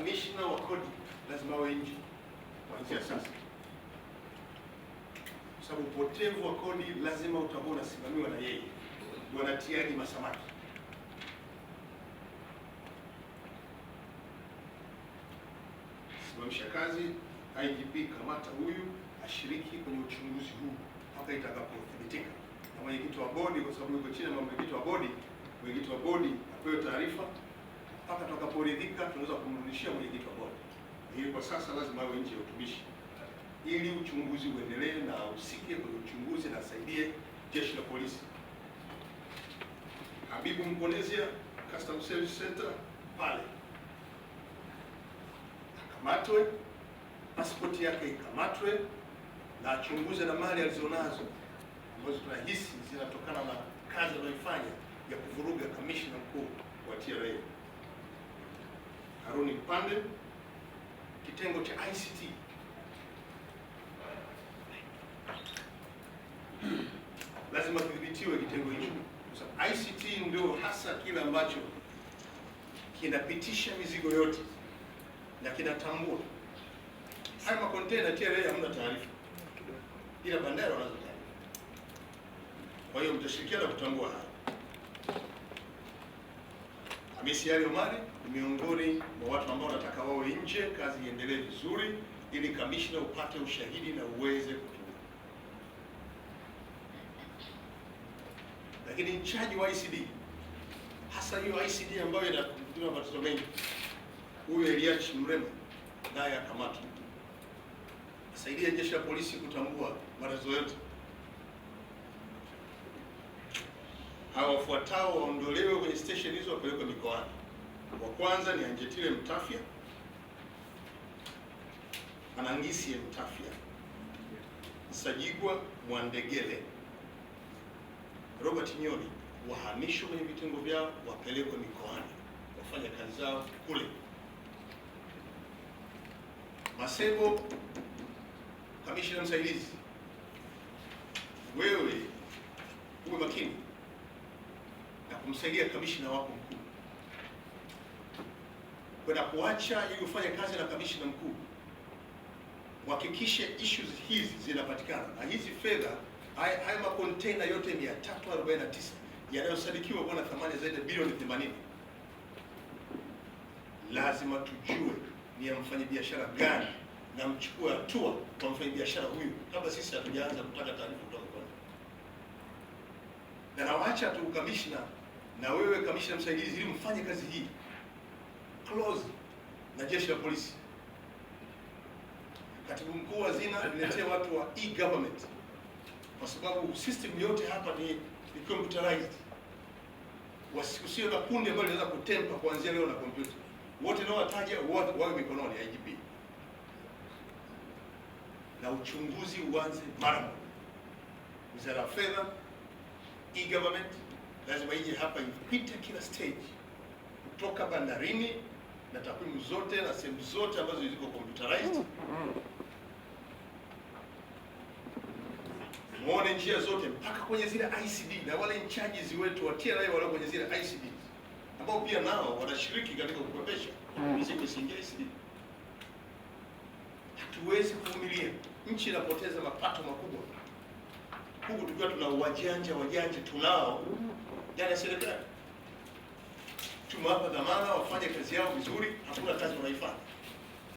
kamishna wa kodi lazima wawe nje kuanzia sasa, kwa sababu upotevu wa kodi lazima utakuwa unasimamiwa na yeye, bwana Masamaki. Simamisha kazi IGP, kamata huyu ashiriki kwenye uchunguzi huu mpaka itakapothibitika, na mwenyekiti wa bodi, kwa sababu yuko chini ya mwenyekiti wa bodi, mwenyekiti wa bodi apewe taarifa mpaka tutakaporidhika tunaweza kumrudishia mwenyekiti wa bodi. kwa sasa lazima awe nje ya utumishi ili uchunguzi uendelee na usikie kwenye uchunguzi na asaidie jeshi la polisi. Habibu Mponezia, Custom Service Center pale akamatwe, pasipoti yake ikamatwe na achunguze na mali alizonazo ambazo tunahisi zinatokana na kazi anayoifanya ya kuvuruga kamishna mkuu wa TRA. Haruni Pande, kitengo cha ICT lazima kidhibitiwe kitengo hicho. ICT ndio hasa kile ambacho kinapitisha mizigo yote na kinatambua haya makontena. TRA hamna taarifa, ila bandari wanazo taarifa. Kwa hiyo mtashirikiana kutambua haya. Hamisi Ali Omari ni miongoni mwa watu ambao wanataka wawe nje, kazi iendelee vizuri, ili kamishna upate ushahidi na uweze kutua Lakini mchaji wa ICD hasa hiyo ICD ambayo inakumbwa matatizo mengi, huyo Eliachi Mrema naye akamatwa. Saidia jeshi la polisi kutambua matatizo yote hawafuatao waondolewe kwenye station hizo wapelekwe mikoani. Wa kwanza ni Anjetile Mtafya, Anangisie Mtafia, msajigwa Mwandegele, Robert Nyoni wahamishwe kwenye vitengo vyao wapelekwe mikoani wafanya kazi zao kule. Masebo, kamishina msaidizi, wewe uwe makini kumsaidia kamishna wako mkuu kwenda kuacha ili ufanye kazi na kamishna mkuu, uhakikishe issues hizi zinapatikana na hizi fedha, haya makontena yote 349 yanayosadikiwa kuwa na thamani zaidi ya bilioni 80 lazima tujue ni ya mfanyabiashara gani na mchukue hatua kwa mfanyabiashara huyu kabla sisi hatujaanza kupata taarifa kutoka kwa na nawaacha tu kamishna na wewe kamishna msaidizi ili mfanye kazi hii close na jeshi la polisi. Katibu mkuu wa zina niletee watu wa e-government, kwa sababu system yote hapa ni, ni computerized. Wasikusiwe na kundi ambalo linaweza kutempa kuanzia leo na kompyuta. Wote nao wataja wote wawe mikononi IGP, na uchunguzi uanze mara moja. Wizara ya Fedha, e-government lazima ije hapa ipite kila stage kutoka bandarini na takwimu zote na sehemu zote ambazo ziko computerized, muone njia zote mpaka kwenye zile ICD na wale incharges wetu wa TRA walio kwenye zile ICD ambao pia nao wanashiriki katika kukopesha misingi ICD. Hatuwezi kuvumilia, nchi inapoteza mapato makubwa huku tukiwa tuna wajanja wajanja tunao ndani ya serikali. Tumewapa dhamana wafanye kazi yao vizuri, hakuna kazi wanaifanya.